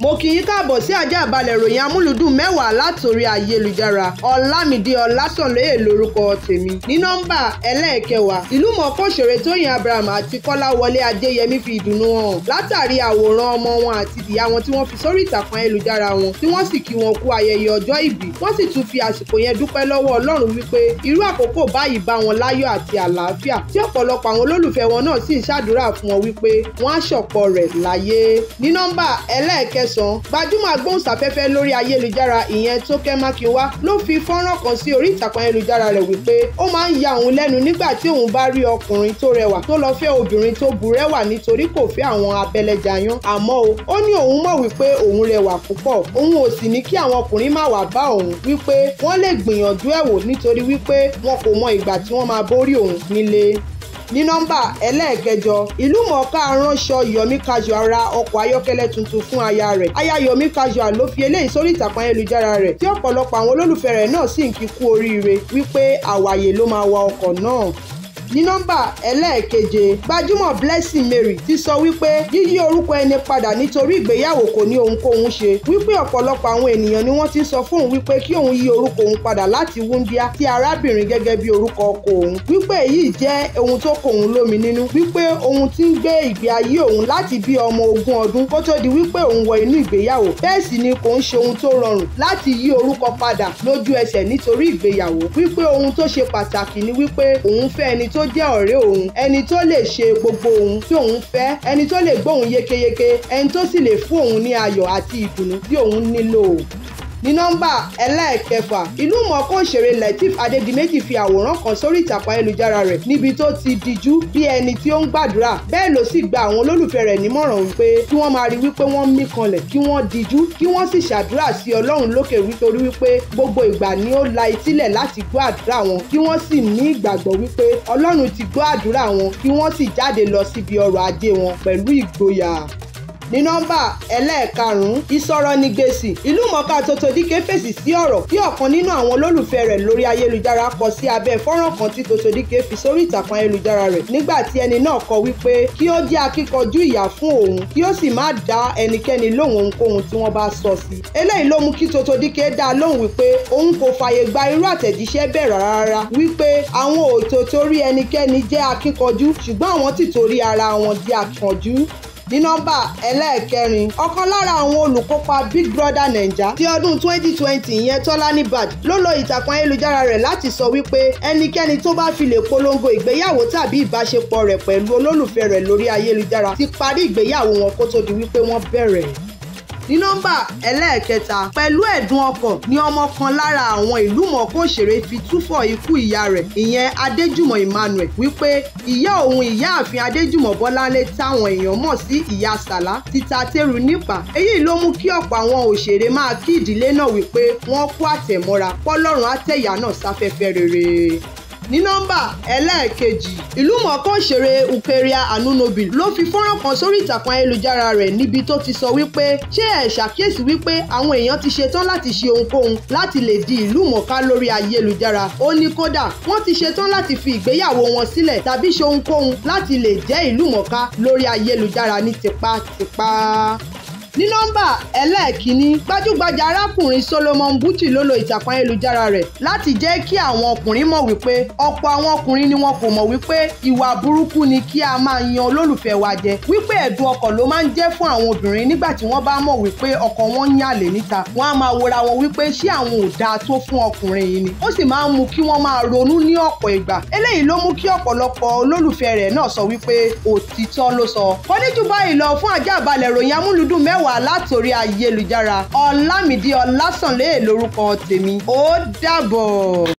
mo kì í káàbọ̀ sí ajá àbálẹ̀ ìròyìn amúlùdùn mẹ́wàá látòrí ayélujára ọ̀làmìdí ọ̀làsànlóye lórúkọ tèmi ní nọ́mbà ẹlẹ́ẹ̀kẹwàá ìlú mọ̀ọ́kọ́ òṣèré tóyìn abraham àti kọ́láwọlé adéyẹmí fi ìdùnnú hàn látàrí àwòrán ọmọ wọn àti ìyá wọn tí wọ́n fi sórí ìtàkùn ayélujára wọn tí wọ́n sì kí wọn kú ayẹyẹ ọjọ́ ìbí wọ́n sì tún fi àsìkò yẹn dúpẹ́ lọ́wọ́ ọlọ́run wípé irú àkókò báyìí bá wọn láyọ̀ àti àlàáfíà tí mẹ́sàn-án gbajúmọ̀ agbóhùnsáfẹ́fẹ́ lórí ayélujára ìyẹn tókẹ́ mákinwá ló fi fọ́nrán kan sí orí ìtàkùn ayélujára rẹ̀ wípé ó máa ń ya òun lẹ́nu nígbà tí òun bá rí ọkùnrin tó rẹwà tó lọ fẹ́ obìnrin tó burẹ́wà nítorí kò fẹ́ àwọn abẹ́lẹ́jayán àmọ́ o ó ní òun mọ̀ wípé òun rẹwà púpọ̀ òun ò sì ní kí àwọn ọkùnrin má wá bá òun wípé wọ́n lè gbìyànjú ẹ̀ nítorí wípé wọn kò mọ ìgbà tí wọ́n máa borí òun nílé ní nọ́mbà ẹlẹ́ẹ̀kẹjọ ìlúmọ̀ọ́ká aránṣọ Yomi Casual ra ọkọ̀ ayọ́kẹ́lẹ́ tuntun fún aya rẹ̀ aya Yomi Casual ló fi eléyìí sórí ìtàkùn ayélujára rẹ̀ tí ọ̀pọ̀lọpọ̀ àwọn olólùfẹ́ rẹ̀ náà sì ń kí kú oríire wípé àwàyè ló máa wa ọkọ̀ náà ní nọ́mbà ẹlẹ́ẹ̀keje gbajúmọ̀ Blessing Mary ti sọ wípé yíyí orúkọ ẹni padà nítorí ìgbéyàwó kò ní ohunkóhun ṣe wípé ọ̀pọ̀lọpọ̀ àwọn ènìyàn ni wọ́n ti sọ fún òun wípé kí òun yí orúkọ òun padà láti wúndíá ti arábìnrin gẹ́gẹ́ bí orúkọ ọkọ òun wípé èyí jẹ́ ohun tó kò òun lómi nínú wípé òun ti ń gbé ìgbé ayé òun láti bí ọmọ ogún ọdún kó tó di wípé òun wọ inú ìgbéyàwó bẹ́ẹ̀ sì ni kò ń ṣe ohun tó rọrùn láti yí orúkọ padà lójú ẹsẹ̀ nítorí ìgbéyàwó wípé ohun tó ṣe pàtàkì ni wípé òun fẹ́ ẹni t tó jẹ́ ọ̀rẹ́ òun ẹni tó lè ṣe gbogbo ohun tí òun fẹ́ ẹni tó lè gbóhùn yékéyéké ẹni tó sì lè fún òun ní ayọ̀ àti ìdùnnú tí òun nílò ní nọ́mbà ẹlẹ́ẹ̀kẹfà ìlúmọ̀ọ́ká òṣèré Lateef Adédìméjì fi àwòrán kan sórí ìtàkùn ayélujára rẹ̀ níbi tó ti dijú bí ẹni tí ó ń gbàdúrà bẹ́ẹ̀ ló sì gba àwọn olólùfẹ́ rẹ̀ nímọ̀ràn wípé kí wọ́n máa rí wípé wọ́n mí kanlẹ̀ kí wọ́n dijú kí wọ́n sì ṣàdúrà sí Ọlọ́run lókè nítorí wípé gbogbo ìgbà ni ó la etílẹ̀ láti gbọ́ àdúrà wọn kí wọ́n sì ní ìgbàgbọ́ wípé Ọlọ́run ti gbọ́ àdúrà wọn kí wọ́n sì jáde lọ síbi ọrọ̀ ajé wọn pẹ̀lú ìgboyà ní nọ́mbà ẹlẹ́ẹ̀karùn-ún ìsọ̀rọ̀ ní gbèsì ìlú mọ̀ká Tòtòdíké fèsì sí ọ̀rọ̀ tí ọ̀kan nínú àwọn olólùfẹ́ rẹ̀ lórí ayélujára kọ sí abẹ́ fọ́nrán kan tí Tòtòdíké fi sórí ìtàkùn ayélujára rẹ̀ nígbà tí ẹni náà kọ wípé kí ó jẹ́ akíkanjú ìyá fún òun kí ó sì má dá ẹnikẹ́ni lóhùn ohunkóhun tí wọ́n bá sọ sí eléyìí ló mú kí Tòtòdíké dá a lóhùn wípé òun kò fààyè gba irú àtẹ̀jíṣẹ́ bẹ́ẹ̀ rárá wípé àwọn òtò torí ẹnikẹ́ni jẹ́ akíkanjú ṣùgbọ́n àwọn ti torí ara wọn di akíkanjú ní nọ́mbà ẹlẹ́ẹ̀kẹrin ọ̀kan lára àwọn olùkópa Big Brother Naija ti ọdún 2020 ìyẹn Tọ́lání Bad ló lo ìtàkùn ayélujára rẹ̀ láti sọ wípé ẹnikẹ́ni tó bá fi lè polongo ìgbéyàwó tàbí ìbáṣepọ̀ rẹ̀ pẹ̀lú olólùfẹ́ rẹ̀ lórí ayélujára ti parí ìgbéyàwó wọn kó tó di wípé wọ́n bẹ̀rẹ̀ ní nọ́mbà ẹlẹ́ẹ̀kẹta pẹ̀lú ẹ̀dùn ọkàn ni ọmọ kan lára àwọn ìlú mọ̀ọ́kọ́ òṣèré fi túfọ̀ ikú ìyá rẹ̀ ìyẹn adéjùmọ̀ emmanuel wípé ìyá òun ìyáàfin adéjùmọ̀ bọ́láńlé táwọn èèyàn mọ̀ sí ìyá sàlá ti ta tẹ́rù nípa èyí ló mú kí ọ̀pọ̀ àwọn òṣèré máa kí ìdílé náà wípé wọ́n kú àtẹ̀mọ́ra pọ́lọ́run àtẹ̀yà náà sáfẹ́fẹ́ rere ní nọ́mbà ẹlẹ́ẹ̀kejì ìlúmọ̀ọ́ká òṣèré Ukeria Anunobi ló fi fọ́nrán kan sórí ìtàkùn ayélujára rẹ̀ níbi tó ti sọ wípé ṣé ẹ ṣàkíyèsí wípé àwọn èèyàn ti ṣetán láti ṣe ohunkóhun láti lè di ìlúmọ̀ọ́ká lórí ayélujára ó ní kódà wọ́n ti ṣetán láti fi ìgbéyàwó wọn sílẹ̀ tàbí ṣe ohunkóhun láti lè jẹ́ ìlúmọ̀ọ́ká lórí ayélujára ní tipátipá ní nọ́mbà ẹlẹ́ẹ̀kínní gbajúgbajà arákùnrin Solomon Buti ló lo ìtàkùn ayélujára rẹ̀ láti jẹ́ kí àwọn ọkùnrin mọ̀ wípé ọ̀pọ̀ àwọn ọkùnrin ni wọn kò mọ̀ wípé ìwà burúkú ni kí a máa yan olólùfẹ́ wa jẹ wípé ẹ̀dùn ọkàn ló máa ń jẹ́ fún àwọn obìnrin nígbà tí wọ́n bá mọ̀ wípé ọkọ wọn ń yàlè níta wọ́n á máa wora wọn wípé ṣé àwọn ò dáa tó fún ọkùnrin yìí ni ó sì máa ń mú kí wọ́n máa ronú ní ọ̀pọ̀ ìgbà eléyìí ló mú kí ọ̀pọ̀lọpọ̀ olólùfẹ́ rẹ̀ náà sọ wípé òtítọ́ ló sọ. kọ́níjú báyìí lọ fún àjàbalẹ̀ ròyìn amúlùdùn mẹ́wàá wá láti orí ayélujára Ọlámídé Ọlásànlẹ̀ lórúkọ tèmi ó dàbọ̀.